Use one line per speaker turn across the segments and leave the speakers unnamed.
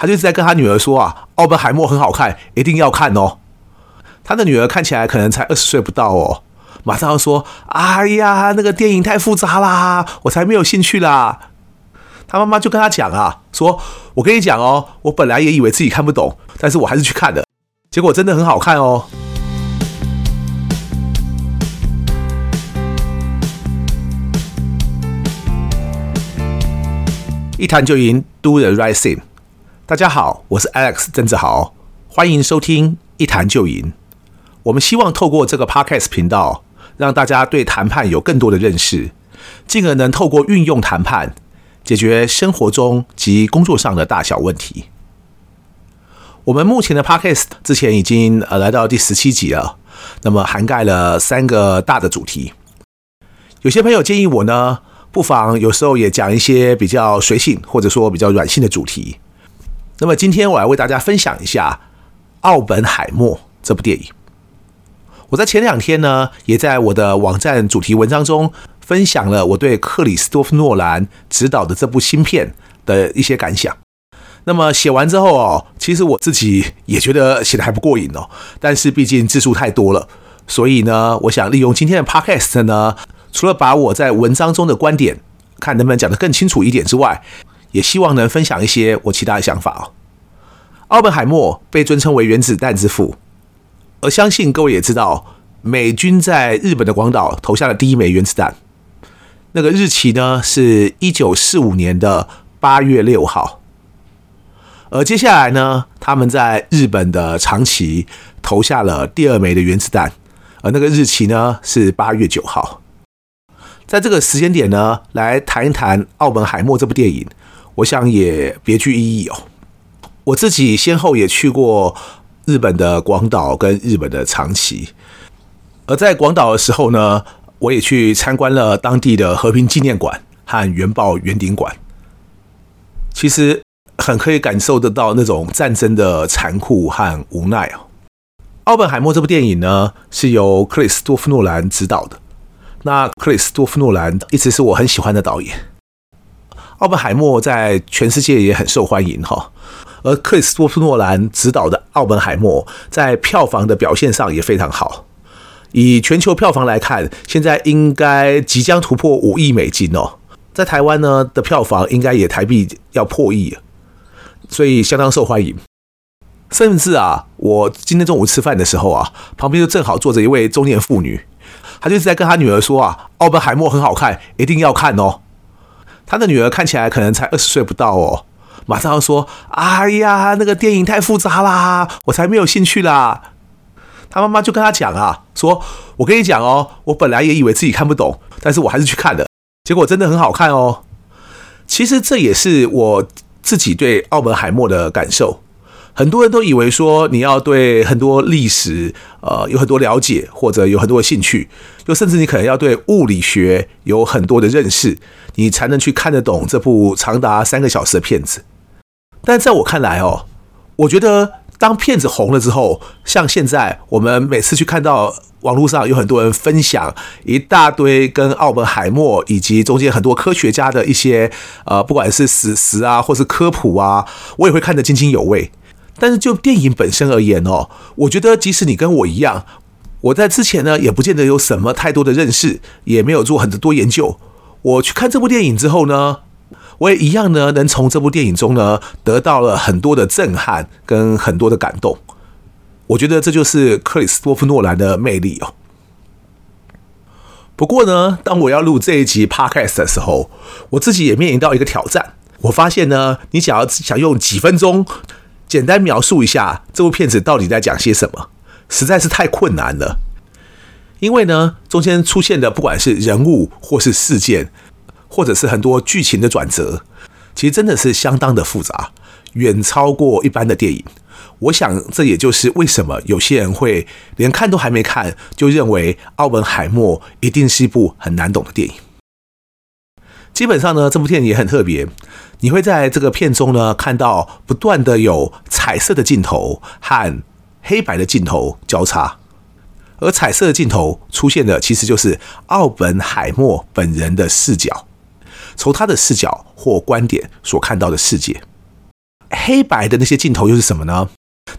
他就是在跟他女兒說啊，奧本海默很好看，一定要看哦。他的女兒看起來可能才二十歲不到哦，馬上就說，哎呀，那個電影太複雜啦，我才沒有興趣啦。他媽媽就跟他講啊，說我跟你講哦，我本來也以為自己看不懂，但是我還是去看了，結果真的很好看哦。一談就贏，Do the right thing。大家好，我是 Alex 鄭志豪，歡迎收聽一談就贏。我們希望透過這個 Podcast 頻道，讓大家對談判有更多的認識，進而能透過運用談判解決生活中及工作上的大小問題。我們目前的 Podcast 之前已經呃來到第十七集了，那麼涵蓋了三個大的主題。有些朋友建議我呢，不妨有時候也講一些比較隨性或者說比較軟性的主題。那麼今天我來為大家分享一下《奧本海默》這部電影。我在前兩天呢，也在我的網站主題文章中分享了我對克里斯多夫諾蘭執導的這部新片的一些感想。那麼寫完之後哦，其實我自己也覺得寫得還不過癮哦，但是畢竟字數太多了，所以呢，我想利用今天的 Podcast 呢，除了把我在文章中的觀點看能不能講得更清楚一點之外，也希望能分享一些我其他的想法哦。奧本海默被尊稱為原子彈之父，而相信各位也知道，美軍在日本的廣島投下了第一枚原子彈，那個日期呢是一九四五年的八月六號。而接下來呢，他們在日本的長崎投下了第二枚的原子彈，而那個日期呢是八月九號。在這個時間點呢，來談一談《奧本海默》這部電影。我想也別具意義哦。我自己先後也去過日本的廣島跟日本的長崎，而在廣島的時候呢，我也去參觀了當地的和平紀念館和原爆圓頂館。其實很可以感受得到那種戰爭的殘酷和無奈哦。《奧本海默》這部電影呢，是由克里斯托夫諾蘭執導的。那克里斯托夫諾蘭一直是我很喜歡的導演。奧本海默在全世界也很受歡迎哈、哦，而克里斯多夫諾蘭執導的《奧本海默》在票房的表現上也非常好。以全球票房來看，現在應該即將突破五億美金哦。在台灣呢的票房應該也台幣要破億，所以相當受歡迎。甚至啊，我今天中午吃飯的時候啊，旁邊就正好坐着一位中年婦女，她就是在跟她女兒說啊，《奧本海默》很好看，一定要看哦。他的女兒看起來可能才二十歲不到哦，馬上要說：“哎呀，那個電影太複雜啦，我才沒有興趣啦。”他媽媽就跟他講啊：“說，我跟你講哦，我本來也以為自己看不懂，但是我還是去看的，結果真的很好看哦。其實這也是我自己對奧本海默的感受。”很多人都以為說，你要對很多歷史呃有很多了解，或者有很多的興趣，就甚至你可能要對物理學有很多的認識，你才能去看得懂這部長達三個小時的片子。但在我看來哦，我覺得當片子紅了之後，像現在我們每次去看到網絡上有很多人分享一大堆跟奧本海默以及中間很多科學家的一些呃，不管是史實啊，或是科普啊，我也會看得津津有味。但是就電影本身而言哦，我覺得即使你跟我一樣，我在之前呢也不見得有什麼太多的認識，也沒有做很多研究。我去看這部電影之後呢，我也一樣呢，能從這部電影中呢得到了很多的震撼跟很多的感動。我覺得這就是克里斯多夫諾蘭的魅力哦。不過呢，當我要錄這一集 Podcast 的時候，我自己也面臨到一個挑戰。我發現呢，你想要想用幾分鐘。簡單描述一下這部片子到底在講些什麼，實在是太困難了。因為呢，中間出現的不管是人物，或是事件，或者是很多劇情的轉折，其實真的是相當的複雜，遠超過一般的電影。我想，這也就是為什麼有些人會連看都還沒看，就認為《奧本海默》一定是一部很難懂的電影。基本上呢，這部電影也很特別。你會在這個片中呢看到不斷的有彩色的鏡頭和黑白的鏡頭交叉，而彩色的鏡頭出現的其實就是奧本海默本人的視角，從他的視角或觀點所看到的世界。黑白的那些鏡頭又是什麼呢？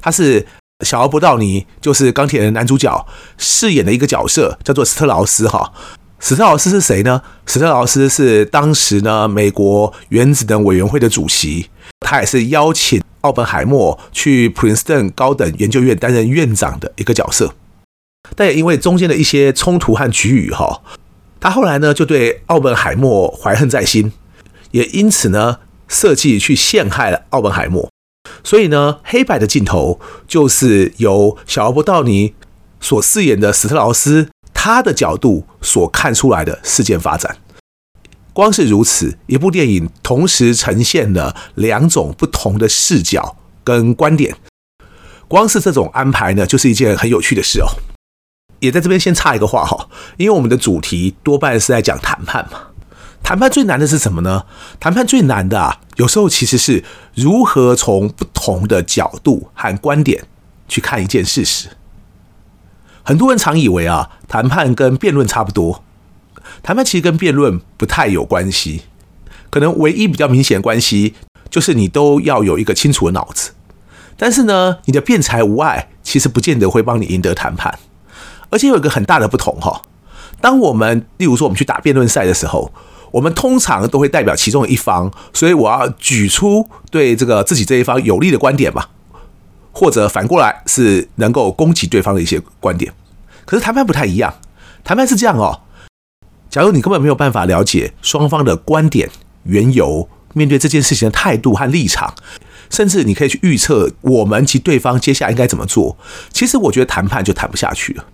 它是小勞勃道尼，就是鋼鐵人男主角飾演的一個角色，叫做斯特勞斯哈。史特勞斯是誰呢？史特勞斯是當時呢美國原子能委員會的主席，他也是邀請奧本海默去普林斯頓高等研究院擔任院長的一個角色。但也因為中間的一些衝突和齟齬哈，他後來呢就對奧本海默懷恨在心，也因此呢設計去陷害了奧本海默。所以呢，黑白的鏡頭就是由小勞勃道尼所飾演的史特勞斯。他的角度所看出來的事件發展，光是如此，一部電影，同時呈現了兩種不同的視角跟觀點，光是這種安排呢，就是一件很有趣的事哦。也在這邊先插一個話哈、哦，因為我們的主題多半是在講談判嘛，談判最難的是什麼呢？談判最難的啊，有時候其實是如何從不同的角度和觀點去看一件事實。很多人常以為啊，談判跟辯論差不多。談判其實跟辯論不太有關係，可能唯一比較明顯的關係就是你都要有一個清楚的腦子。但是呢，你的辯才無礙其實不見得會幫你贏得談判。而且有一個很大的不同哈、哦，當我們例如說我們去打辯論賽的時候，我們通常都會代表其中一方，所以我要舉出對這個自己這一方有利的觀點吧。或者反過來是能夠攻擊對方的一些觀點，可是談判不太一樣。談判是這樣哦，假如你根本沒有辦法了解雙方的觀點、緣由、面對這件事情的態度和立場，甚至你可以去預測我們及對方接下來應該怎麼做，其實我覺得談判就談不下去了。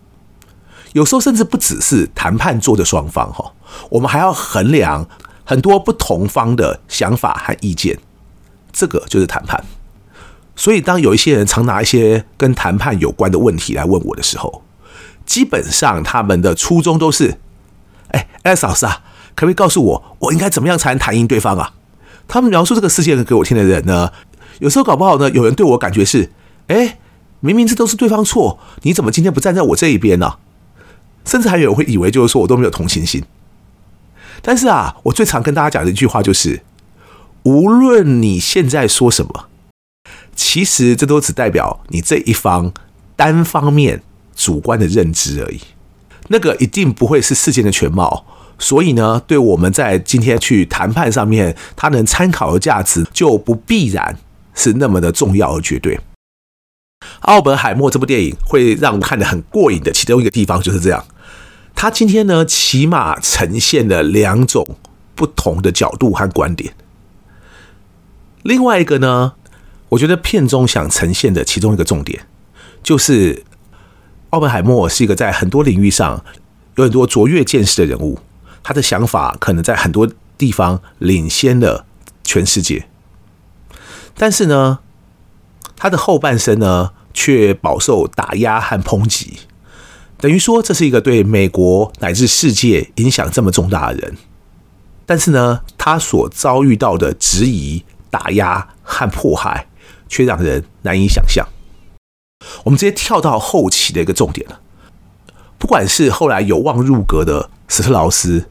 有時候甚至不只是談判做的雙方哈、哦，我們還要衡量很多不同方的想法和意見，這個就是談判。所以，當有一些人常拿一些跟談判有關的問題來問我的時候，基本上他們的初衷都是：哎、欸，艾、欸、嫂子啊，可不可以告訴我，我應該怎麼樣才能談贏對方啊？他們描述這個事件給我聽的人呢，有時候搞不好呢，有人對我感覺是：哎、欸，明明這都是對方錯，你怎麼今天不站在我這一邊呢、啊？甚至還有人會以為就是說我都沒有同情心。但是啊，我最常跟大家講的一句話就是：無論你現在說什麼。其實這都只代表你這一方單方面主觀的認知而已，那個一定不會是事件的全貌。所以呢，對我們在今天去談判上面，它能參考的價值就不必然是那麼的重要和絕對。《奧本海默》這部電影會讓我看得很過癮的其中一個地方就是這樣，它今天呢起碼呈現了兩種不同的角度和觀點。另外一個呢？我覺得片中想呈現的其中一個重點，就是奧本海默是一個在很多領域上有很多卓越見識的人物，他的想法可能在很多地方領先了全世界。但是呢，他的後半生呢，卻飽受打壓和抨擊，等於說這是一個對美國乃至世界影響這麼重大的人，但是呢，他所遭遇到的質疑、打壓和迫害。卻讓人難以想象。我們直接跳到後期的一個重點了。不管是後來有望入閣的史特勞斯，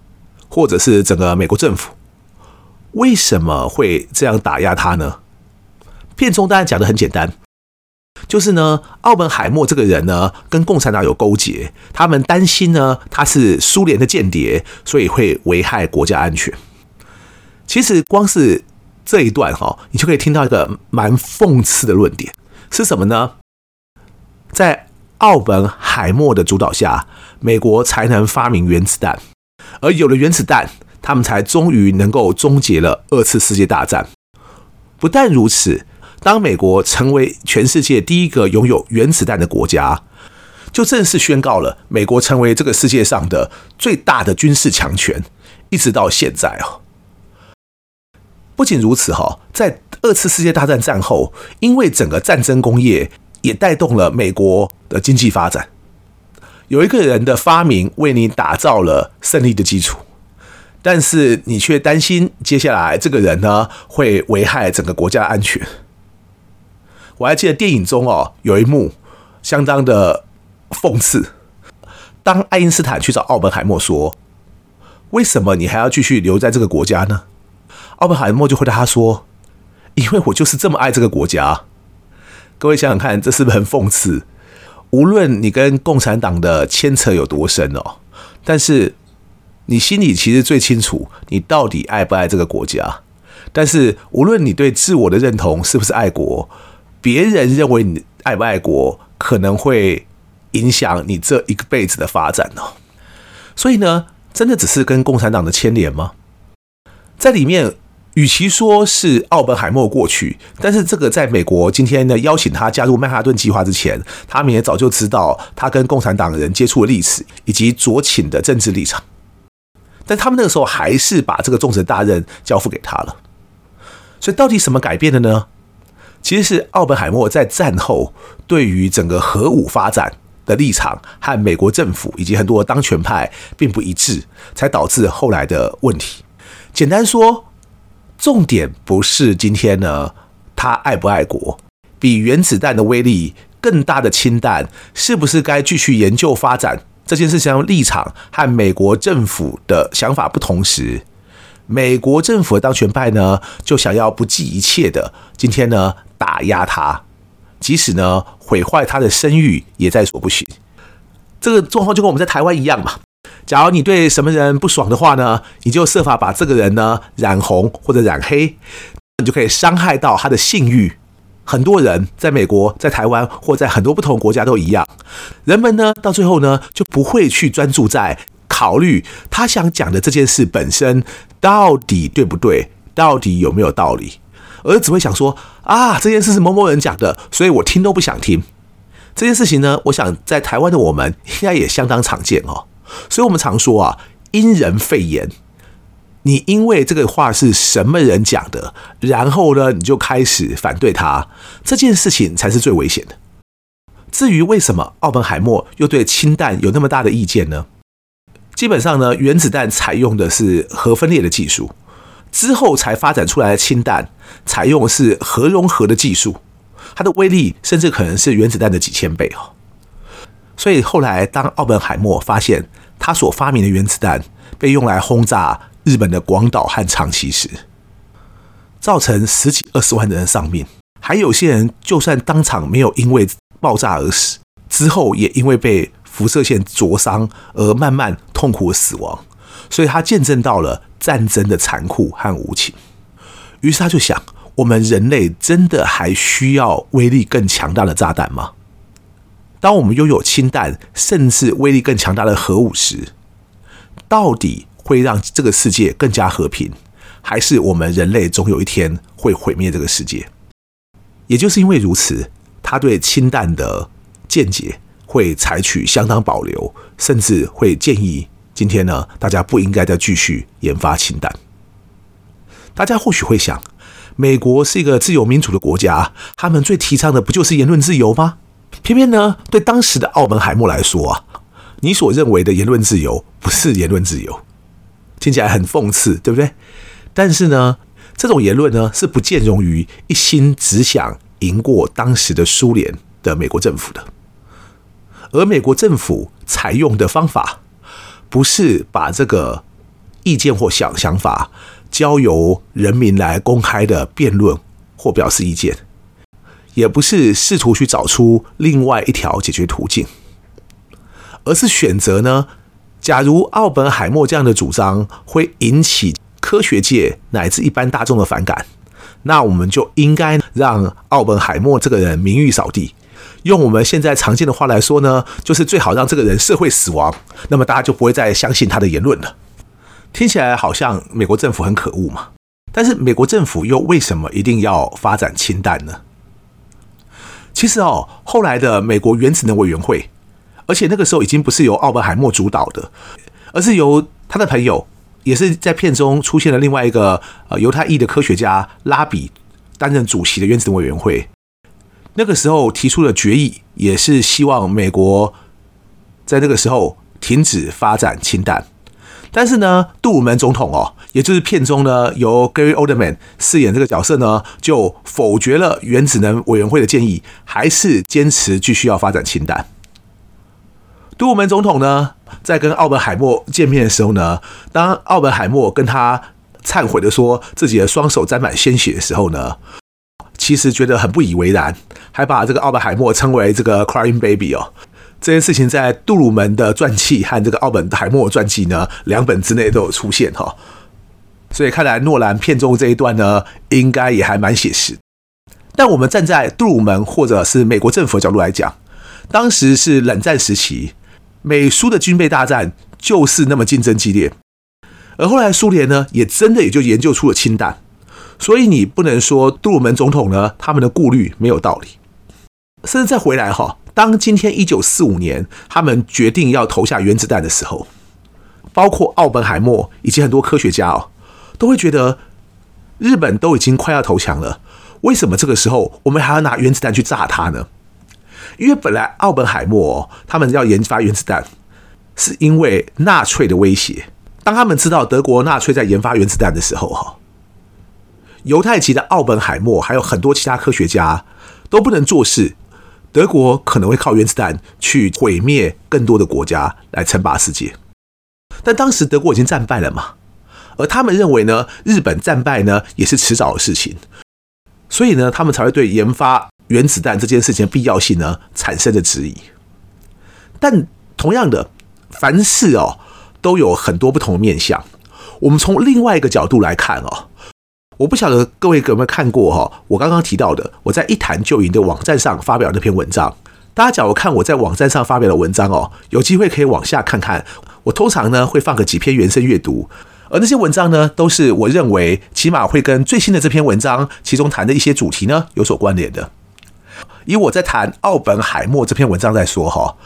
或者是整個美國政府，為什麼會這樣打壓他呢？片中當然講得很簡單，就是呢，奧本海默這個人呢，跟共產黨有勾結，他們擔心呢，他是蘇聯的間諜，所以會危害國家安全。其實光是這一段哈，你就可以聽到一個蠻諷刺的論點，是什麼呢？在奧本海默的主導下，美國才能發明原子彈，而有了原子彈，他們才終於能夠終結了二次世界大戰。不但如此，當美國成為全世界第一個擁有原子彈的國家，就正式宣告了美國成為這個世界上的最大的軍事強權，一直到現在啊。不僅如此，哈，在二次世界大戰戰後，因為整個戰爭工業也帶動了美國的經濟發展。有一個人的發明為你打造了勝利的基礎，但是你卻擔心接下來這個人呢，會危害整個國家的安全。我還記得電影中哦，有一幕相當的諷刺，當愛因斯坦去找奧本海默說：“為什麼你還要繼續留在這個國家呢？”奧本海默就回答他說：“因為我就是這麼愛這個國家。”各位想想看，這是不是很諷刺？無論你跟共產黨的牽扯有多深哦，但是你心裡其實最清楚，你到底愛不愛這個國家？但是無論你對自我的認同是不是愛國，別人認為你愛不愛國，可能會影響你這一輩子的發展哦。所以呢，真的只是跟共產黨的牽連嗎？在裡面。與其說是奧本海默過去，但是這個在美國今天呢邀請他加入曼哈頓計劃之前，他們也早就知道他跟共產黨人接觸的歷史以及左傾的政治立場，但他們那個時候還是把這個重責大任交付給他了。所以到底什麼改變的呢？其實是奧本海默在戰後對於整個核武發展的立場和美國政府以及很多當權派並不一致，才導致後來的問題。簡單說。重點不是今天呢，他愛不愛國？比原子彈的威力更大的氫彈，是不是該繼續研究發展？這件事情上立場和美國政府的想法不同時，美國政府的當權派呢，就想要不計一切的今天呢打壓他，即使呢毀壞他的聲譽也在所不惜。這個狀況就跟我們在台灣一樣嘛。假如你對什麼人不爽的話呢，你就設法把這個人呢染紅或者染黑，你就可以傷害到他的信譽。很多人在美國、在台灣或在很多不同國家都一樣，人們呢到最後呢就不會去專注在考慮他想講的這件事本身到底對不對，到底有沒有道理，而只會想說啊，這件事是某某人講的，所以我聽都不想聽。這件事情呢，我想在台灣的我們應該也相當常見哦。所以我們常說啊，因人廢言。你因為這個話是什麼人講的，然後呢，你就開始反對它。這件事情才是最危險的。至於為什麼奧本海默又對氫彈有那麼大的意見呢？基本上呢，原子彈採用的是核分裂的技術，之後才發展出來的氫彈採用的是核融合的技術，它的威力甚至可能是原子彈的幾千倍哦。所以後來，當奧本海默發現他所發明的原子彈被用來轟炸日本的廣島和長崎時，造成十幾二十萬人的喪命，還有些人就算當場沒有因為爆炸而死，之後也因為被輻射線灼傷而慢慢痛苦死亡。所以他見證到了戰爭的殘酷和無情。於是他就想：我們人類真的還需要威力更強大的炸彈嗎？當我們擁有氫彈，甚至威力更強大的核武時，到底會讓這個世界更加和平，還是我們人類總有一天會毀滅這個世界？也就是因為如此，他對氫彈的見解會採取相當保留，甚至會建議今天呢，大家不應該再繼續研發氫彈。大家或許會想，美國是一個自由民主的國家，他們最提倡的不就是言論自由嗎？偏偏呢，對當時的奧本海默來說啊，你所認為的言論自由不是言論自由，聽起來很諷刺，對不對？但是呢，這種言論呢是不見容於一心只想贏過當時的蘇聯的美國政府的。而美國政府採用的方法，不是把這個意見或想想法交由人民來公開的辯論或表示意見。也不是試圖去找出另外一條解決途徑，而是選擇呢，假如奧本海默這樣的主張會引起科學界乃至一般大眾的反感，那我們就應該讓奧本海默這個人名譽掃地。用我們現在常見的話來說呢，就是最好讓這個人社會死亡。那麼大家就不會再相信他的言論了。聽起來好像美國政府很可惡嘛？但是美國政府又為什麼一定要發展氫彈呢？其實哦，後來的美國原子能委員會，而且那個時候已經不是由奧本海默主導的，而是由他的朋友，也是在片中出現了另外一個呃猶太裔的科學家拉比擔任主席的原子能委員會，那個時候提出的決議也是希望美國在那個時候停止發展氫彈。但是呢，杜魯門總統哦，也就是片中呢由 Gary Oldman 飾演這個角色呢，就否決了原子能委員會的建議，還是堅持繼續要發展氫彈。杜魯門總統呢，在跟奧本海默見面的時候呢，當奧本海默跟他懺悔的說自己的雙手沾滿鮮血的時候呢，其實覺得很不以為然，還把這個奧本海默稱為這個 Crying Baby 哦。這件事情在杜魯門的傳記和這個奧本海默傳記呢，兩本之內都有出現哈、哦，所以看來諾蘭片中這一段呢，應該也還蠻寫實。但我們站在杜魯門或者是美國政府的角度來講，當時是冷戰時期，美蘇的軍備大戰就是那麼競爭激烈，而後來蘇聯呢，也真的也就研究出了氫彈，所以你不能說杜魯門總統呢，他們的顧慮沒有道理。甚至再回來哈、哦。當今天一九四五年，他們決定要投下原子彈的時候，包括奧本海默以及很多科學家哦，都會覺得日本都已經快要投降了，為什麼這個時候我們還要拿原子彈去炸它呢？因為本來奧本海默他們要研發原子彈，是因為納粹的威脅。當他們知道德國納粹在研發原子彈的時候，哈，猶太籍的奧本海默還有很多其他科學家都不能做事。德國可能會靠原子彈去毀滅更多的國家來稱霸世界，但當時德國已經戰敗了嘛，而他們認為呢，日本戰敗呢也是遲早的事情，所以呢，他們才會對研發原子彈這件事情的必要性呢產生了質疑。但同樣的，凡事哦都有很多不同的面向，我們從另外一個角度來看哦。我不曉得各位有沒有看過哈，我剛剛提到的我在一談就贏的網站上發表的那篇文章。大家假如看我在網站上發表的文章哦，有機會可以往下看看。我通常呢會放個幾篇延伸閱讀，而那些文章呢都是我認為起碼會跟最新的這篇文章其中談的一些主題呢有所關聯的。以我在談奧本海默這篇文章來說哈，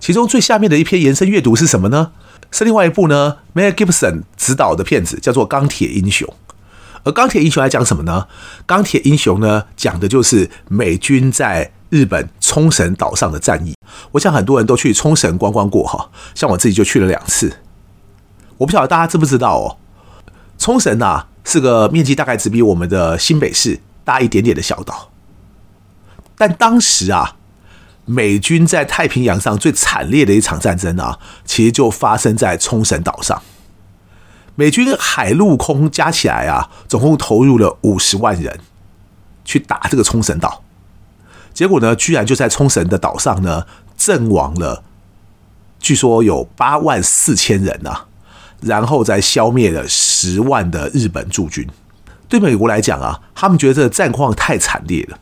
其中最下面的一篇延伸閱讀是什麼呢？是另外一部呢，Mel Gibson 執導的片子叫做《鋼鐵英雄》。而《鋼鐵英雄》在講什麼呢？《鋼鐵英雄》呢，講的就是美軍在日本沖繩島上的戰役。我想很多人都去沖繩觀光過哈，像我自己就去了兩次。我不曉得大家知不知道哦，沖繩吶、啊、是個面積大概只比我們的新北市大一點點的小島，但當時啊，美軍在太平洋上最慘烈的一場戰爭啊，其實就發生在沖繩島上。美軍海陸空加起來啊，總共投入了五十萬人去打這個沖繩島，結果呢，居然就在沖繩的島上呢，陣亡了，據說有八萬四千人吶、啊，然後再消滅了十萬的日本駐軍。對美國來講啊，他們覺得這個戰況太慘烈了，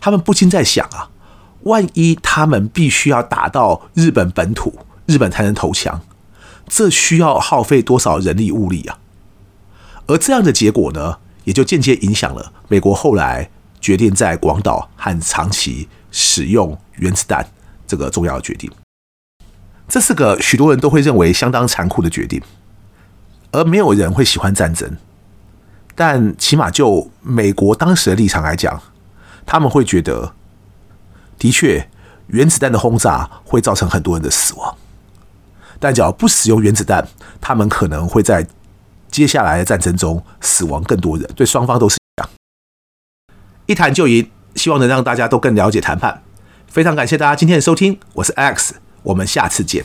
他們不禁在想啊，萬一他們必須要打到日本本土，日本才能投降。這需要耗費多少人力物力啊？而這樣的結果呢，也就間接影響了美國後來決定在廣島和長崎使用原子彈這個重要的決定。這是個許多人都會認為相當殘酷的決定，而沒有人會喜歡戰爭。但起碼就美國當時的立場來講，他們會覺得，的確，原子彈的轟炸會造成很多人的死亡。但只要不使用原子彈，他們可能會在接下來的戰爭中死亡更多人，對雙方都是這樣。一談就贏，希望能讓大家都更了解談判。非常感謝大家今天的收聽，我是 Alex，我們下次見。